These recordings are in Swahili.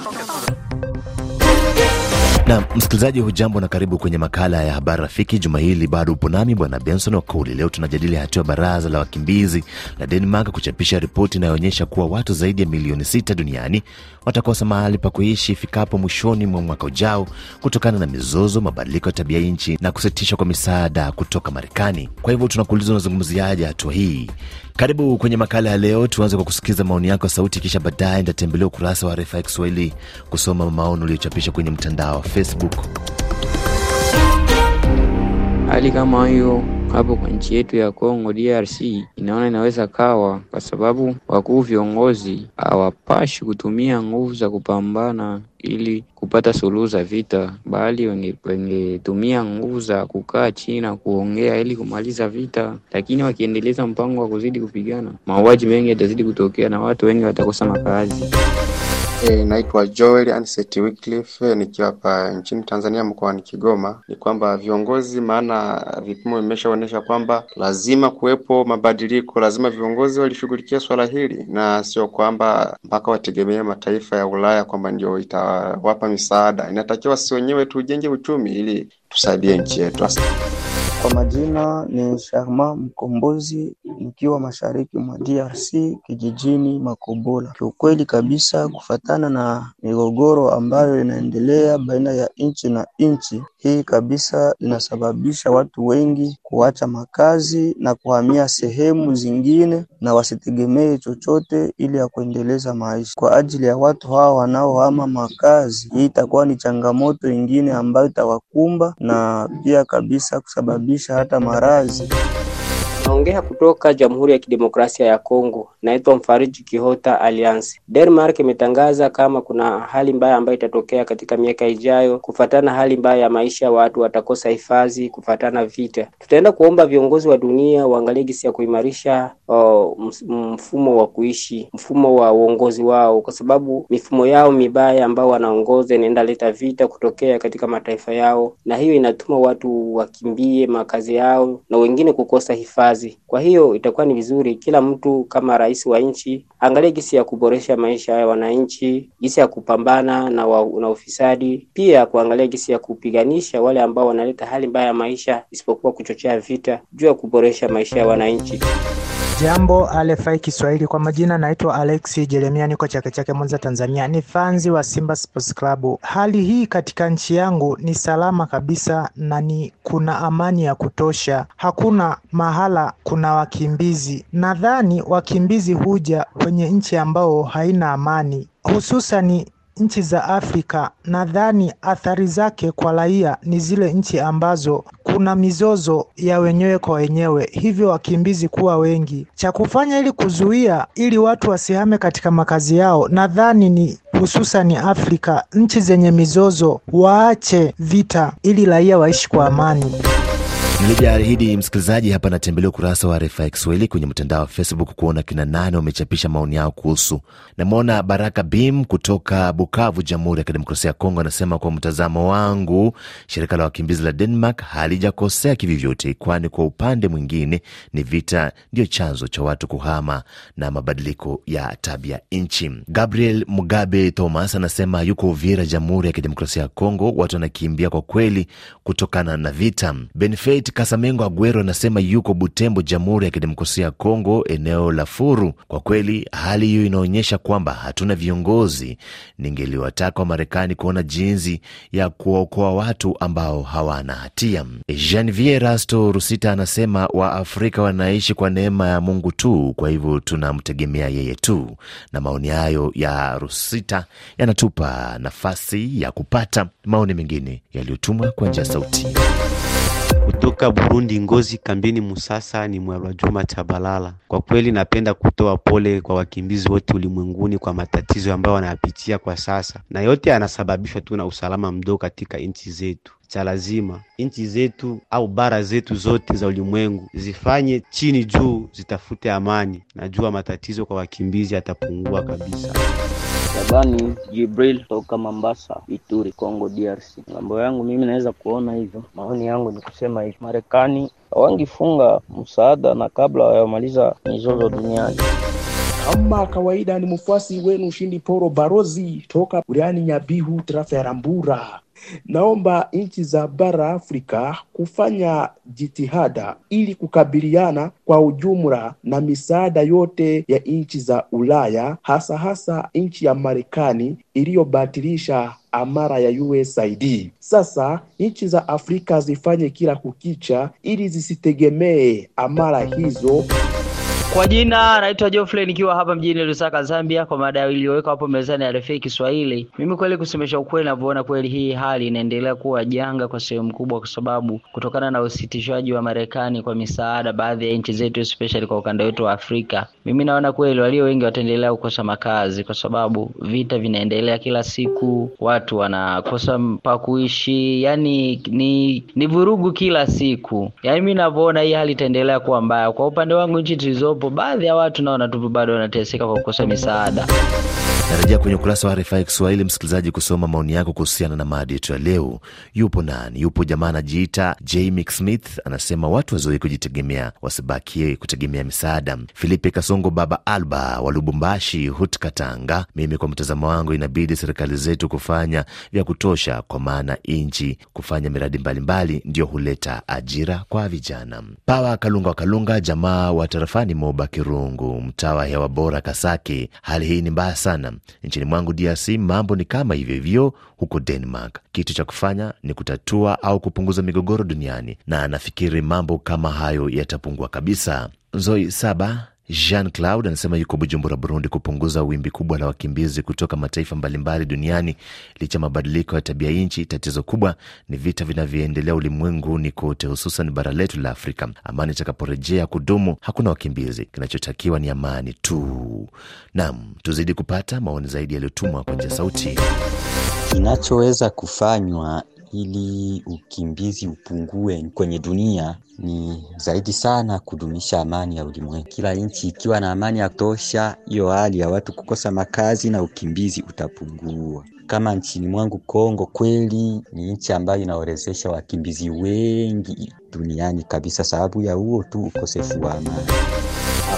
섞였어. Na msikilizaji, hujambo na karibu kwenye makala ya habari rafiki. Juma hili bado upo nami bwana Benson Wakoli. Leo tunajadili hatua baraza la wakimbizi la Denmark kuchapisha ripoti inayoonyesha kuwa watu zaidi ya milioni sita duniani watakosa mahali pa kuishi ifikapo mwishoni mwa mwaka ujao kutokana na mizozo, mabadiliko ya tabia nchi na kusitishwa kwa misaada kutoka Marekani. Kwa hivyo tunakuuliza, unazungumziaje hatua hii? Karibu kwenye makala ya leo. Tuanze kwa kusikiliza maoni yako sauti, kisha baadaye nitatembelea ukurasa wa RFI Kiswahili kusoma maoni uliochapisha kwenye mtandao wa Facebook. Hali kama hiyo hapo kwa nchi yetu ya Kongo DRC inaona inaweza kawa, kwa sababu wakuu viongozi hawapashi kutumia nguvu za kupambana ili kupata suluhu za vita, bali wangetumia nguvu za kukaa chini na kuongea ili kumaliza vita. Lakini wakiendeleza mpango wa kuzidi kupigana, mauaji mengi yatazidi kutokea na watu wengi watakosa makazi. E, naitwa Joel Anset Wycliffe nikiwa hapa nchini Tanzania mkoani Kigoma. Ni kwamba viongozi, maana vipimo vimeshaonyesha kwamba lazima kuwepo mabadiliko, lazima viongozi walishughulikia swala hili, na sio kwamba mpaka wategemee mataifa ya Ulaya kwamba ndio itawapa misaada. Inatakiwa si wenyewe tujenge uchumi ili tusaidie nchi yetu. Kwa majina ni Sharma Mkombozi, nikiwa mashariki mwa DRC kijijini Makobola. Kiukweli kabisa, kufatana na migogoro ambayo inaendelea baina ya nchi na nchi, hii kabisa inasababisha watu wengi kuacha makazi na kuhamia sehemu zingine, na wasitegemee chochote ili ya kuendeleza maisha. Kwa ajili ya watu hawa wanaohama makazi, hii itakuwa ni changamoto ingine ambayo itawakumba na pia kabisa kusababisha kusababisha hata maradhi. Naongea kutoka Jamhuri ya Kidemokrasia ya Kongo. Naitwa Mfariji Kihota Alliance. Denmark imetangaza kama kuna hali mbaya ambayo itatokea katika miaka ijayo, kufatana hali mbaya ya maisha, watu watakosa hifadhi kufatana vita. Tutaenda kuomba viongozi wa dunia waangalie gisi ya kuimarisha Oh, mfumo wa kuishi, mfumo wa uongozi wao, kwa sababu mifumo yao mibaya ambao wanaongoza inaenda leta vita kutokea katika mataifa yao, na hiyo inatuma watu wakimbie makazi yao na wengine kukosa hifadhi. Kwa hiyo itakuwa ni vizuri kila mtu kama rais wa nchi angalie jinsi ya kuboresha maisha ya wananchi, jinsi ya kupambana na, wa, na ufisadi, pia kuangalia jinsi ya kupiganisha wale ambao wanaleta hali mbaya ya maisha, isipokuwa kuchochea vita juu ya kuboresha maisha ya wananchi. Jambo RFI Kiswahili, kwa majina naitwa Alex Jeremia, niko Chake Chake, Mwanza, Tanzania. Ni fanzi wa Simba Sports Club. Hali hii katika nchi yangu ni salama kabisa na ni kuna amani ya kutosha, hakuna mahala kuna wakimbizi. Nadhani wakimbizi huja kwenye nchi ambao haina amani, hususani nchi za Afrika nadhani athari zake kwa raia ni zile nchi ambazo kuna mizozo ya wenyewe kwa wenyewe, hivyo wakimbizi kuwa wengi. Cha kufanya ili kuzuia, ili watu wasihame katika makazi yao, nadhani ni hususan ni Afrika, nchi zenye mizozo waache vita, ili raia waishi kwa amani. Nilivyoahidi msikilizaji, hapa natembelea ukurasa wa RFI Kiswahili kwenye mtandao wa Facebook kuona kina nane wamechapisha maoni yao kuhusu. Namwona Baraka Bim kutoka Bukavu, Jamhuri ya Kidemokrasia ya Kongo, anasema kwa mtazamo wangu, shirika la wakimbizi la Denmark halijakosea kivyovyote, kwani kwa upande mwingine ni vita ndiyo chanzo cha watu kuhama na mabadiliko ya tabia nchi. Gabriel Mugabe Thomas anasema yuko Uvira, Jamhuri ya Kidemokrasia ya Kongo, watu wanakimbia kwa kweli kutokana na vita. Benfait Kasamengo Agwero anasema yuko Butembo, Jamhuri ya Kidemokrasia ya Kongo, eneo la Furu. Kwa kweli hali hiyo inaonyesha kwamba hatuna viongozi. Ningeliwataka Wamarekani kuona jinsi ya kuwaokoa watu ambao hawana hatia. Janvier Rasto Rusita anasema Waafrika wanaishi kwa neema ya Mungu tu, kwa hivyo tunamtegemea yeye tu. Na maoni hayo ya Rusita yanatupa nafasi ya kupata maoni mengine yaliyotumwa kwa njia sauti. Kutoka Burundi, Ngozi kambini Musasa ni juma Chabalala. Kwa kweli napenda kutoa pole kwa wakimbizi wote ulimwenguni kwa matatizo ambayo wanayapitia kwa sasa, na yote yanasababishwa tu na usalama mdogo katika nchi zetu cha lazima nchi zetu au bara zetu zote za ulimwengu zifanye chini juu, zitafute amani. Najua matatizo kwa wakimbizi yatapungua kabisa. Shabani Jibril toka Mambasa, Ituri, congo DRC. Ngambo yangu mimi naweza kuona hivyo, maoni yangu ni kusema hivyo, Marekani awangifunga msaada na kabla wayamaliza mizozo duniani. Kama kawaida ni mfuasi wenu Ushindi Poro Barozi toka Buriani Nyabihu, tarafa ya Rambura. Naomba nchi za bara Afrika kufanya jitihada ili kukabiliana kwa ujumla na misaada yote ya nchi za Ulaya, hasa hasa nchi ya Marekani iliyobatilisha amara ya USAID. Sasa nchi za Afrika zifanye kila kukicha ili zisitegemee amara hizo. Kwa jina naitwa Geoffrey nikiwa hapa mjini Lusaka, Zambia, kwa mada iliyowekwa hapo mezani ya RFI Kiswahili. Mimi kweli, kusemesha ukweli, navyoona kweli hii hali inaendelea kuwa janga kwa sehemu kubwa, kwa sababu kutokana na usitishaji wa Marekani kwa misaada baadhi ya nchi zetu, especially kwa ukanda wetu wa Afrika, mimi naona kweli walio wengi wataendelea kukosa makazi, kwa sababu vita vinaendelea kila siku, watu wanakosa pa kuishi, yani ni ni vurugu kila siku. Yani mimi navyoona hii hali itaendelea kuwa mbaya. Kwa upande wangu, nchi tulizo ambapo baadhi ya watu nao na bado wanateseka kwa kukosa misaada. Narejea kwenye ukurasa wa RFI Kiswahili, msikilizaji, kusoma maoni yako kuhusiana na mada yetu ya leo. Yupo nani? Yupo jamaa anajiita Jamie Smith, anasema watu wazoe kujitegemea, wasibakie kutegemea misaada. Filipe Kasongo, baba Alba wa Lubumbashi, hut katanga mimi kwa mtazamo wangu, inabidi serikali zetu kufanya vya kutosha, kwa maana nchi kufanya miradi mbalimbali ndiyo huleta ajira kwa vijana. Pawa Kalunga wa Kalunga, jamaa wa tarafani Moba Kirungu, mtaa wa hewa bora Kasake, hali hii ni mbaya sana Nchini mwangu DRC mambo ni kama hivyo hivyo huko Denmark. Kitu cha kufanya ni kutatua au kupunguza migogoro duniani, na anafikiri mambo kama hayo yatapungua kabisa. Zoi Saba Jean Claude anasema yuko Bujumbura, Burundi, kupunguza wimbi kubwa la wakimbizi kutoka mataifa mbalimbali duniani licha mabadiliko ya tabia nchi. Tatizo kubwa ni vita vinavyoendelea ulimwenguni kote, hususan bara letu la Afrika. Amani itakaporejea kudumu, hakuna wakimbizi, kinachotakiwa ni amani tu. Nam, tuzidi kupata maoni zaidi yaliyotumwa kwa njia sauti. Kinachoweza kufanywa ili ukimbizi upungue kwenye dunia ni zaidi sana kudumisha amani ya ulimwengu. Kila nchi ikiwa na amani ya kutosha, hiyo hali ya watu kukosa makazi na ukimbizi utapungua. Kama nchini mwangu Kongo, kweli ni nchi ambayo inaorezesha wakimbizi wengi duniani kabisa, sababu ya huo tu ukosefu wa amani.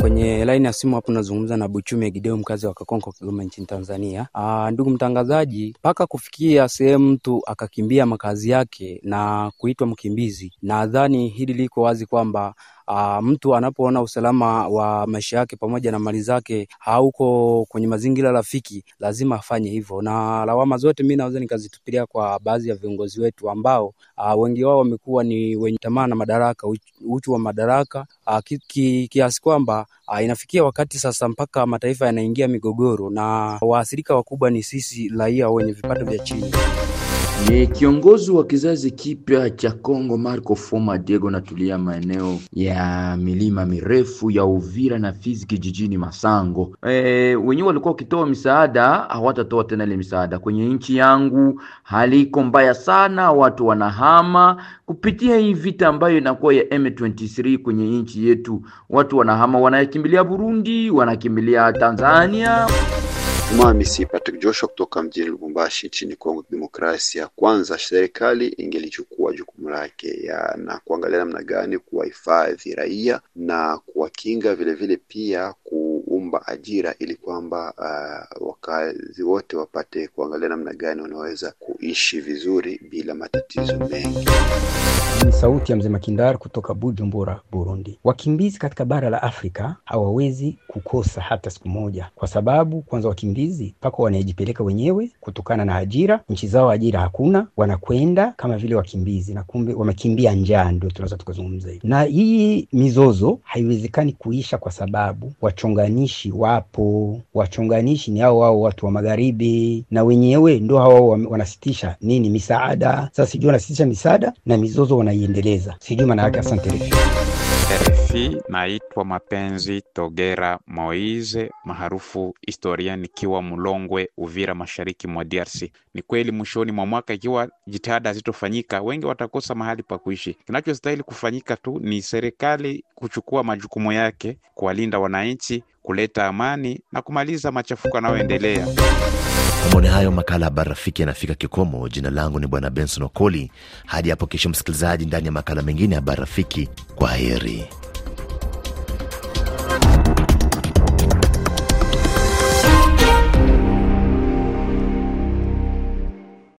Kwenye laini ya simu hapo nazungumza na Buchume Gideo, mkazi wa Kakonko, Kigoma nchini Tanzania. Aa, ah, ndugu mtangazaji, mpaka kufikia sehemu mtu akakimbia makazi yake na kuitwa mkimbizi, nadhani hili liko wazi kwamba aa, ah, mtu anapoona usalama wa maisha yake pamoja na mali zake hauko kwenye mazingira rafiki, lazima afanye hivyo, na lawama zote mimi naweza nikazitupilia kwa baadhi ya viongozi wetu ambao aa, ah, wengi wao wamekuwa ni wenye tamaa na madaraka, uchu wa madaraka ah, ki, ki, kiasi kwamba inafikia wakati sasa mpaka mataifa yanaingia migogoro na waathirika wakubwa ni sisi raia wenye vipato vya chini. Ni kiongozi wa kizazi kipya cha Kongo Marco Foma Diego natulia maeneo ya milima mirefu ya Uvira na fiziki jijini Masango. E, wenyewe walikuwa wakitoa misaada, hawatatoa tena ile misaada. Kwenye nchi yangu hali iko mbaya sana, watu wanahama kupitia hii vita ambayo inakuwa ya M23 kwenye nchi yetu. Watu wanahama, wanakimbilia Burundi, wanakimbilia Tanzania. Alhamisi Patrick Joshua kutoka mjini Lubumbashi nchini Kongo Demokrasia. Kwanza serikali ingelichukua jukumu lake na kuangalia namna gani kuwahifadhi raia na kuwakinga vilevile pia ku kwamba ajira ili kwamba uh, wakazi wote wapate kuangalia namna gani wanaweza kuishi vizuri bila matatizo mengi. Ni sauti ya mzee Makindar kutoka Bujumbura, Burundi. Wakimbizi katika bara la Afrika hawawezi kukosa hata siku moja, kwa sababu kwanza wakimbizi mpaka wanaejipeleka wenyewe kutokana na ajira, nchi zao ajira hakuna, wanakwenda kama vile wakimbizi, na kumbe wamekimbia njaa, ndio tunaweza tukazungumza hivi. Na hii mizozo haiwezekani kuisha kwa sababu wachonganishi wanajeshi wapo, wachunganishi ni hao wao watu wa magharibi, na wenyewe ndo hao wanasitisha nini misaada. Sasa sijui wanasitisha misaada na mizozo wanaiendeleza, sijui maana yake. Asante. Mwenyekiti, naitwa Mapenzi Togera Moise maarufu Historia, nikiwa Mlongwe, Uvira, mashariki mwa DRC. Ni kweli mwishoni mwa mwaka, ikiwa jitihada hazitofanyika, wengi watakosa mahali pa kuishi. Kinachostahili kufanyika tu ni serikali kuchukua majukumu yake, kuwalinda wananchi, kuleta amani na kumaliza machafuko yanayoendelea. Maone hayo makala ya Habari Rafiki yanafika kikomo. Jina langu ni Bwana Benson Okoli. Hadi hapo kesho, msikilizaji, ndani ya makala mengine ya Habari Rafiki. Kwa heri.